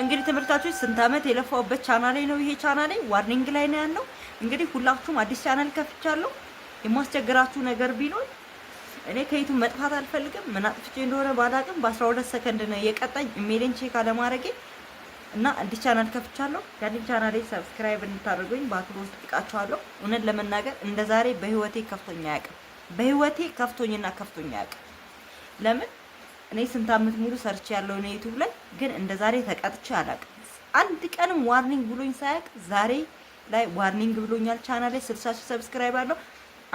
እንግዲህ ትምህርታችሁ ስንት አመት የለፋውበት ቻናሌ ነው። ይሄ ቻናሌ ዋርኒንግ ላይ ነው ያለው። እንግዲህ ሁላችሁም አዲስ ቻናል ከፍቻለሁ። የማስቸግራችሁ ነገር ቢኖር እኔ ከይቱ መጥፋት አልፈልግም። ምን አጥፍቼ እንደሆነ ባላቅም በ12 ሰከንድ ነው የቀጣኝ ኢሜልን ቼክ አለማድረጌ እና አዲስ ቻናል ከፍቻለሁ። ያንን ቻናሌ ሰብስክራይብ እንድታደርጉኝ በአክብሮት ጠይቃችኋለሁ። እውነት ለመናገር እንደዛሬ በህይወቴ ከፍቶኝ አያውቅም። በህይወቴ ከፍቶኝና ከፍቶኝ አያውቅም። ለምን እኔ ስንት አመት ሙሉ ሰርች ያለው ነው ዩቲዩብ ላይ ግን እንደ ዛሬ ተቀጥቼ አላውቅም። አንድ ቀንም ዋርኒንግ ብሎኝ ሳያውቅ ዛሬ ላይ ዋርኒንግ ብሎኛል። ቻናል ላይ 60 ሺህ ሰብስክራይብ አለው።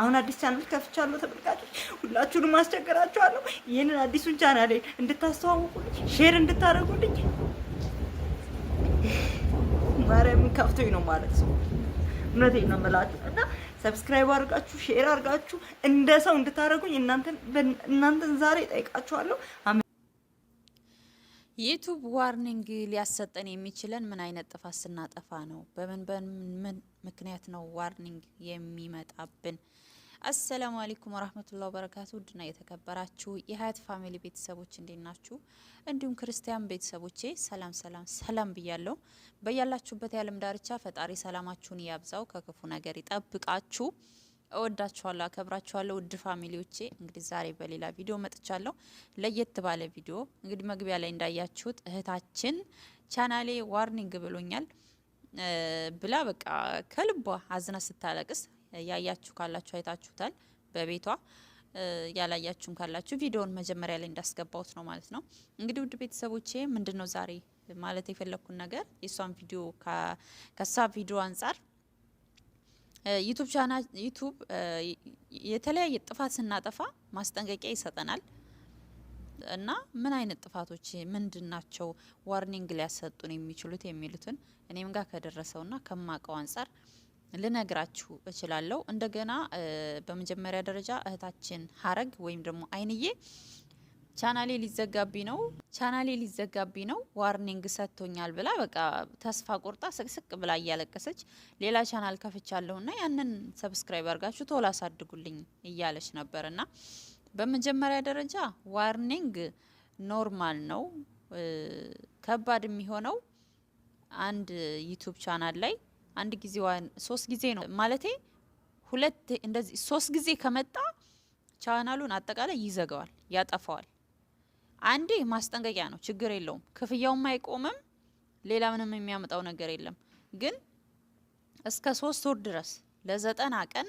አሁን አዲስ ቻናል ከፍቻለሁ። ተመልካቾች ሁላችሁንም አስቸግራችኋለሁ። ይህንን አዲሱን ቻናል እንድታስተዋውቁልኝ፣ ሼር እንድታደርጉልኝ ማርያምን ከፍቶኝ ነው ማለት ሰው እውነቴን ነው የምላችሁ እና ሰብስክራይብ አድርጋችሁ ሼር አድርጋችሁ እንደ ሰው እንድታደርጉኝ እናንተን ዛሬ ጠይቃችኋለሁ። ዩቱብ ዋርኒንግ ሊያሰጠን የሚችለን ምን አይነት ጥፋት ስናጠፋ ነው? በምን በምን ምክንያት ነው ዋርኒንግ የሚመጣብን? አሰላሙ አሌይኩም ወራህመቱላሂ ወበረካቱ። ውድና የተከበራችሁ የሀያት ፋሚሊ ቤተሰቦች እንዴት ናችሁ? እንዲሁም ክርስቲያን ቤተሰቦቼ ሰላም ሰላም ሰላም ብያለሁ። በያላችሁበት የዓለም ዳርቻ ፈጣሪ ሰላማችሁን ያብዛው፣ ከክፉ ነገር ይጠብቃችሁ። እወዳችኋለሁ፣ አከብራችኋለሁ ውድ ፋሚሊዎቼ። እንግዲህ ዛሬ በሌላ ቪዲዮ መጥቻለሁ፣ ለየት ባለ ቪዲዮ። እንግዲህ መግቢያ ላይ እንዳያችሁት እህታችን ቻናሌ ዋርኒንግ ብሎኛል ብላ በቃ ከልቧ አዝና ስታለቅስ ያያችሁ ካላችሁ አይታችሁታል በቤቷ ያላያችሁም ካላችሁ ቪዲዮውን መጀመሪያ ላይ እንዳስገባሁት ነው ማለት ነው። እንግዲህ ውድ ቤተሰቦቼ ምንድን ነው ዛሬ ማለት የፈለግኩን ነገር የእሷን ቪዲዮ ከሳ ቪዲዮ አንጻር ዩቱብ ቻና ዩቱብ የተለያየ ጥፋት ስናጠፋ ማስጠንቀቂያ ይሰጠናል እና ምን አይነት ጥፋቶች ምንድን ናቸው ዋርኒንግ ሊያሰጡን የሚችሉት የሚሉትን እኔም ጋር ከደረሰውና ከማቀው አንጻር ልነግራችሁ እችላለሁ። እንደገና በመጀመሪያ ደረጃ እህታችን ሀረግ ወይም ደግሞ አይንዬ ቻናሌ ሊዘጋቢ ነው፣ ቻናሌ ሊዘጋቢ ነው ዋርኒንግ ሰጥቶኛል ብላ በቃ ተስፋ ቆርጣ ስቅስቅ ብላ እያለቀሰች ሌላ ቻናል ከፍቻለሁና ያንን ሰብስክራይብ አርጋችሁ ቶሎ አሳድጉልኝ እያለች ና በመጀመሪያ ደረጃ ዋርኒንግ ኖርማል ነው። ከባድ የሚሆነው አንድ ዩቱብ ቻናል ላይ አንድ ጊዜዋን ሶስት ጊዜ ነው ማለቴ ሁለት እንደዚህ ሶስት ጊዜ ከመጣ ቻናሉን አጠቃላይ ይዘጋዋል፣ ያጠፋዋል። አንዴ ማስጠንቀቂያ ነው፣ ችግር የለውም፣ ክፍያውም አይቆምም፣ ሌላ ምንም የሚያመጣው ነገር የለም። ግን እስከ ሶስት ወር ድረስ ለዘጠና ቀን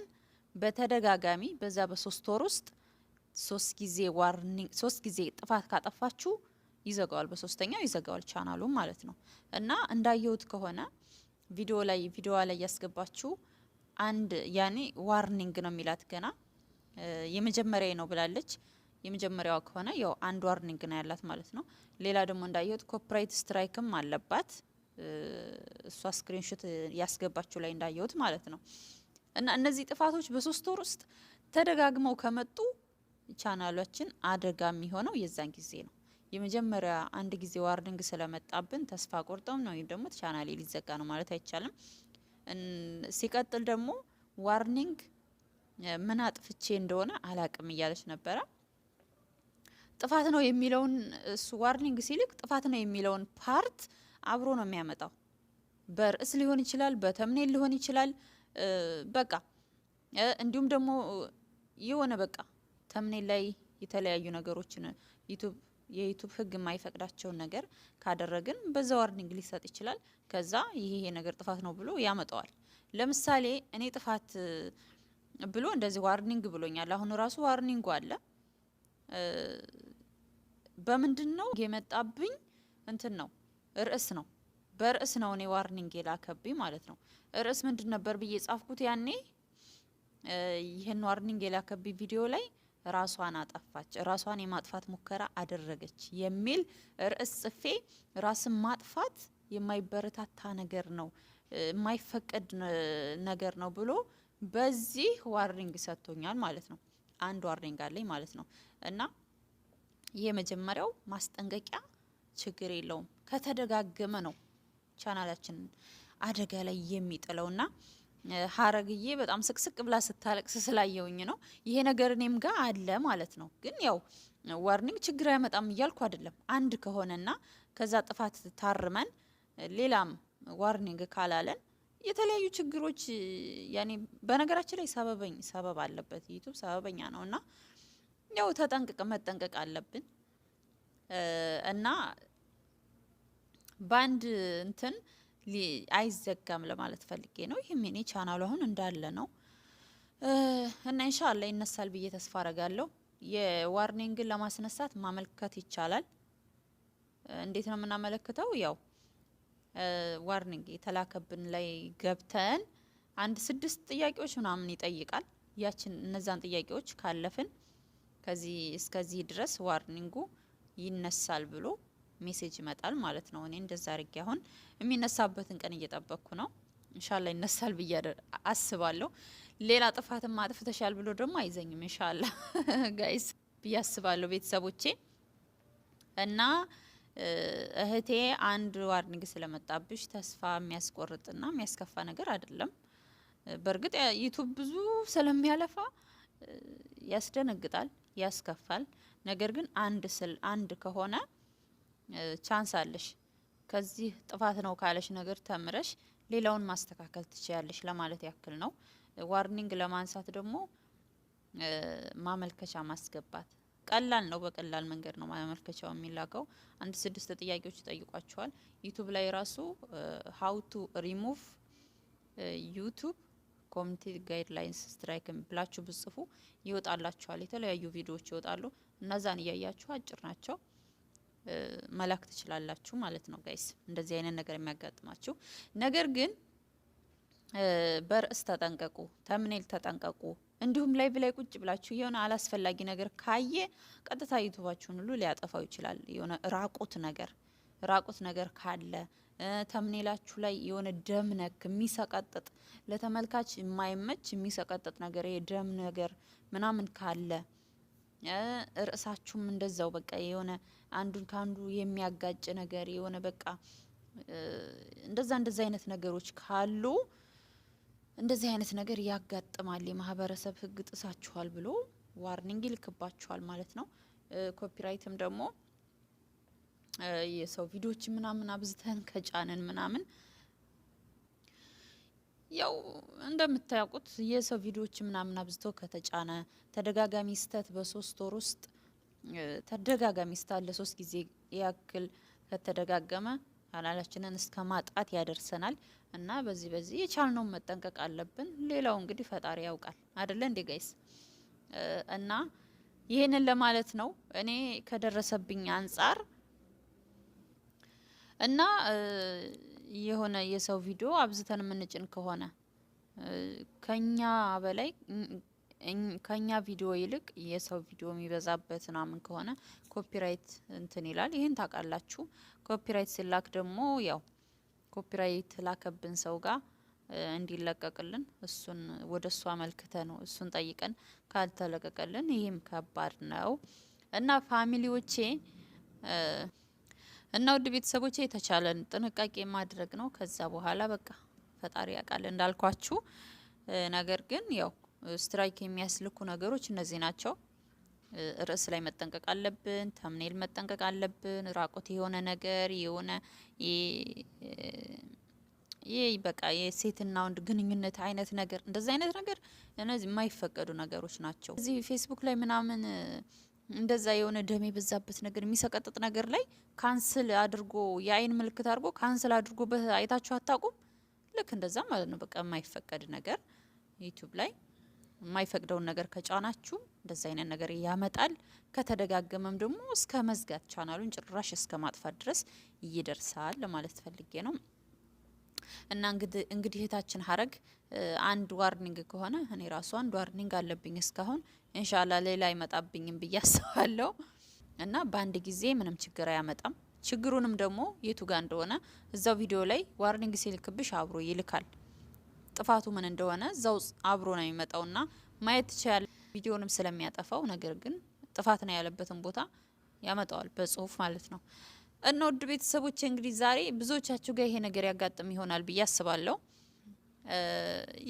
በተደጋጋሚ በዛ በሶስት ወር ውስጥ ሶስት ጊዜ ዋርኒንግ፣ ሶስት ጊዜ ጥፋት ካጠፋችሁ ይዘጋዋል፣ በሶስተኛው ይዘጋዋል ቻናሉን ማለት ነው እና እንዳየሁት ከሆነ ቪዲዮ ላይ ቪዲዮዋ ላይ ያስገባችሁ አንድ ያኔ ዋርኒንግ ነው የሚላት ገና የመጀመሪያ ነው ብላለች። የመጀመሪያዋ ከሆነ ያው አንድ ዋርኒንግ ነው ያላት ማለት ነው። ሌላ ደግሞ እንዳየሁት ኮፒራይት ስትራይክም አለባት እሷ ስክሪንሾት ያስገባችሁ ላይ እንዳየሁት ማለት ነው። እና እነዚህ ጥፋቶች በሶስት ወር ውስጥ ተደጋግመው ከመጡ ቻናሏችን አደጋ የሚሆነው የዛን ጊዜ ነው። የመጀመሪያ አንድ ጊዜ ዋርኒንግ ስለመጣብን ተስፋ ቆርጠም ነው ወይም ደግሞ ቻናሌ ሊዘጋ ነው ማለት አይቻልም። ሲቀጥል ደግሞ ዋርኒንግ ምን አጥፍቼ እንደሆነ አላቅም እያለች ነበረ። ጥፋት ነው የሚለውን እሱ ዋርኒንግ ሲልክ ጥፋት ነው የሚለውን ፓርት አብሮ ነው የሚያመጣው። በርዕስ ሊሆን ይችላል፣ በተምኔል ሊሆን ይችላል። በቃ እንዲሁም ደግሞ የሆነ በቃ ተምኔል ላይ የተለያዩ ነገሮችን ዩቱብ የዩቱብ ህግ የማይፈቅዳቸውን ነገር ካደረግን በዛ ዋርኒንግ ሊሰጥ ይችላል። ከዛ ይሄ ይሄ ነገር ጥፋት ነው ብሎ ያመጣዋል። ለምሳሌ እኔ ጥፋት ብሎ እንደዚህ ዋርኒንግ ብሎኛል። አሁን ራሱ ዋርኒንጉ አለ። በምንድን ነው የመጣብኝ? እንትን ነው ርዕስ ነው በርዕስ ነው እኔ ዋርኒንግ የላከብኝ ማለት ነው። ርዕስ ምንድን ነበር ብዬ ጻፍኩት ያኔ ይህን ዋርኒንግ የላከብኝ ቪዲዮ ላይ ራሷን አጠፋች፣ ራሷን የማጥፋት ሙከራ አደረገች የሚል ርዕስ ጽፌ ራስን ማጥፋት የማይበረታታ ነገር ነው፣ የማይፈቀድ ነገር ነው ብሎ በዚህ ዋርኒንግ ሰጥቶኛል ማለት ነው። አንድ ዋርኒንግ አለኝ ማለት ነው። እና የመጀመሪያው ማስጠንቀቂያ ችግር የለውም ከተደጋገመ ነው ቻናላችንን አደጋ ላይ የሚጥለውና ሀረግዬ በጣም ስቅስቅ ብላ ስታለቅስ ስላየውኝ ነው። ይሄ ነገር እኔም ጋር አለ ማለት ነው። ግን ያው ዋርኒንግ ችግር አይመጣም እያልኩ አይደለም። አንድ ከሆነና ከዛ ጥፋት ታርመን ሌላም ዋርኒንግ ካላለን የተለያዩ ችግሮች ያኔ በነገራችን ላይ ሰበበኝ ሰበብ አለበት ዩቱብ ሰበበኛ ነው እና ያው ተጠንቅቀ መጠንቀቅ አለብን እና በአንድ እንትን አይዘጋም ለማለት ፈልጌ ነው። ይህ ኔ ቻናሉ አሁን እንዳለ ነው እና ኢንሻአላ ይነሳል ብዬ ተስፋ አረጋለሁ። የዋርኒንግን ለማስነሳት ማመልከት ይቻላል። እንዴት ነው የምናመለክተው? ያው ዋርኒንግ የተላከብን ላይ ገብተን አንድ ስድስት ጥያቄዎች ምናምን ይጠይቃል። ያችን እነዛን ጥያቄዎች ካለፍን ከዚህ እስከዚህ ድረስ ዋርኒንጉ ይነሳል ብሎ ሜሴጅ ይመጣል ማለት ነው። እኔ እንደዛ አድርጌ አሁን የሚነሳበትን ቀን እየጠበቅኩ ነው። እንሻላ ይነሳል ብዬ አስባለሁ። ሌላ ጥፋትም አጥፍተሻል ብሎ ደግሞ አይዘኝም። እንሻላ ጋይስ ብዬ አስባለሁ ቤተሰቦቼ እና እህቴ አንድ ዋርኒንግ ስለመጣብሽ ተስፋ የሚያስቆርጥና የሚያስከፋ ነገር አይደለም። በእርግጥ ዩቱብ ብዙ ስለሚያለፋ ያስደነግጣል፣ ያስከፋል። ነገር ግን አንድ ስል አንድ ከሆነ ቻንስ አለሽ። ከዚህ ጥፋት ነው ካለሽ ነገር ተምረሽ ሌላውን ማስተካከል ትችያለሽ ለማለት ያክል ነው። ዋርኒንግ ለማንሳት ደግሞ ማመልከቻ ማስገባት ቀላል ነው። በቀላል መንገድ ነው ማመልከቻው የሚላከው። አንድ ስድስት ጥያቄዎች ይጠይቋቸዋል። ዩቱብ ላይ ራሱ ሀው ቱ ሪሙቭ ዩቱብ ኮሚኒቲ ጋይድላይንስ ስትራይክ ብላችሁ ብጽፉ ይወጣላችኋል። የተለያዩ ቪዲዮዎች ይወጣሉ። እነዛን እያያችሁ አጭር ናቸው መላክ ትችላላችሁ ማለት ነው ጋይስ፣ እንደዚህ አይነት ነገር የሚያጋጥማችሁ ነገር ግን በርዕስ ተጠንቀቁ፣ ተምኔል ተጠንቀቁ። እንዲሁም ላይቭ ላይ ቁጭ ብላችሁ የሆነ አላስፈላጊ ነገር ካየ ቀጥታ ዩቱባችሁን ሁሉ ሊያጠፋው ይችላል። የሆነ ራቁት ነገር ራቁት ነገር ካለ ተምኔላችሁ ላይ የሆነ ደም ነክ የሚሰቀጥጥ ለተመልካች የማይመች የሚሰቀጥጥ ነገር የደም ነገር ምናምን ካለ ርዕሳችሁም እንደዛው በቃ የሆነ አንዱን ከአንዱ የሚያጋጭ ነገር የሆነ በቃ እንደዛ እንደዛ አይነት ነገሮች ካሉ እንደዚህ አይነት ነገር ያጋጥማል፣ የማህበረሰብ ህግ ጥሳችኋል ብሎ ዋርኒንግ ይልክባችኋል ማለት ነው። ኮፒራይትም ደግሞ የሰው ቪዲዮዎችን ምናምን አብዝተን ከጫንን ምናምን ያው እንደምታያውቁት የሰው ቪዲዮዎች ምናምን አብዝቶ ከተጫነ ተደጋጋሚ ስህተት በሶስት ወር ውስጥ ተደጋጋሚ ስህተት ለሶስት ጊዜ ያክል ከተደጋገመ ቻናላችንን እስከ ማጣት ያደርሰናል እና በዚህ በዚህ የቻልነውን መጠንቀቅ አለብን። ሌላው እንግዲህ ፈጣሪ ያውቃል አደለ እንዴ ጋይስ? እና ይህንን ለማለት ነው እኔ ከደረሰብኝ አንጻር እና የሆነ የሰው ቪዲዮ አብዝተን የምንጭን ከሆነ ከኛ በላይ ከኛ ቪዲዮ ይልቅ የሰው ቪዲዮ የሚበዛበት ምናምን ከሆነ ኮፒራይት እንትን ይላል። ይህን ታውቃላችሁ። ኮፒራይት ሲላክ ደግሞ ያው ኮፒራይት ላከብን ሰው ጋር እንዲለቀቅልን እሱን ወደ እሱ አመልክተ ነው እሱን ጠይቀን ካልተለቀቀልን ይህም ከባድ ነው እና ፋሚሊዎቼ እና ውድ ቤተሰቦች የተቻለን ጥንቃቄ ማድረግ ነው። ከዛ በኋላ በቃ ፈጣሪ ያውቃል እንዳልኳችሁ። ነገር ግን ያው ስትራይክ የሚያስልኩ ነገሮች እነዚህ ናቸው። ርዕስ ላይ መጠንቀቅ አለብን። ተምኔል መጠንቀቅ አለብን። ራቁት የሆነ ነገር የሆነ ይህ በቃ የሴትና ወንድ ግንኙነት አይነት ነገር እንደዚህ አይነት ነገር እነዚህ የማይፈቀዱ ነገሮች ናቸው። እዚህ ፌስቡክ ላይ ምናምን እንደዛ የሆነ ደም የበዛበት ነገር የሚሰቀጥጥ ነገር ላይ ካንስል አድርጎ የአይን ምልክት አድርጎ ካንስል አድርጎ አይታችሁ አታውቁም? ልክ እንደዛ ማለት ነው። በቃ የማይፈቀድ ነገር ዩቱብ ላይ የማይፈቅደውን ነገር ከጫናችሁ እንደዛ አይነት ነገር ያመጣል። ከተደጋገመም ደግሞ እስከ መዝጋት ቻናሉን ጭራሽ እስከ ማጥፋት ድረስ ይደርሳል ለማለት ፈልጌ ነው። እና እንግዲህ እህታችን ሀረግ አንድ ዋርኒንግ ከሆነ እኔ ራሱ አንድ ዋርኒንግ አለብኝ እስካሁን። እንሻላ ሌላ አይመጣብኝም ብዬ አስባለሁ። እና በአንድ ጊዜ ምንም ችግር አያመጣም። ችግሩንም ደግሞ የቱ ጋር እንደሆነ እዛው ቪዲዮ ላይ ዋርኒንግ ሲልክብሽ አብሮ ይልካል። ጥፋቱ ምን እንደሆነ እዛው አብሮ ነው የሚመጣውና ማየት ትችያለ። ቪዲዮንም ስለሚያጠፋው ነገር ግን ጥፋት ነው ያለበትን ቦታ ያመጣዋል በጽሁፍ ማለት ነው። እና ውድ ቤተሰቦች እንግዲህ ዛሬ ብዙዎቻችሁ ጋር ይሄ ነገር ያጋጥም ይሆናል ብዬ አስባለሁ።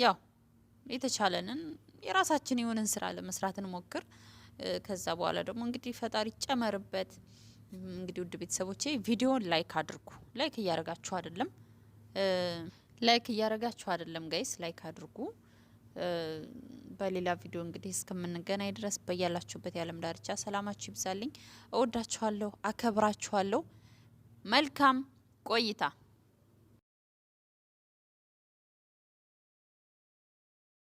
ያው የተቻለንን የራሳችን የሆንን ስራ ለመስራት እንሞክር። ከዛ በኋላ ደግሞ እንግዲህ ፈጣሪ ጨመርበት። እንግዲህ ውድ ቤተሰቦቼ ቪዲዮን ላይክ አድርጉ። ላይክ እያረጋችሁ አይደለም፣ ላይክ እያረጋችሁ አይደለም። ጋይስ ላይክ አድርጉ። በሌላ ቪዲዮ እንግዲህ እስከምንገናኝ ድረስ በያላችሁበት የዓለም ዳርቻ ሰላማችሁ ይብዛልኝ። እወዳችኋለሁ፣ አከብራችኋለሁ። መልካም ቆይታ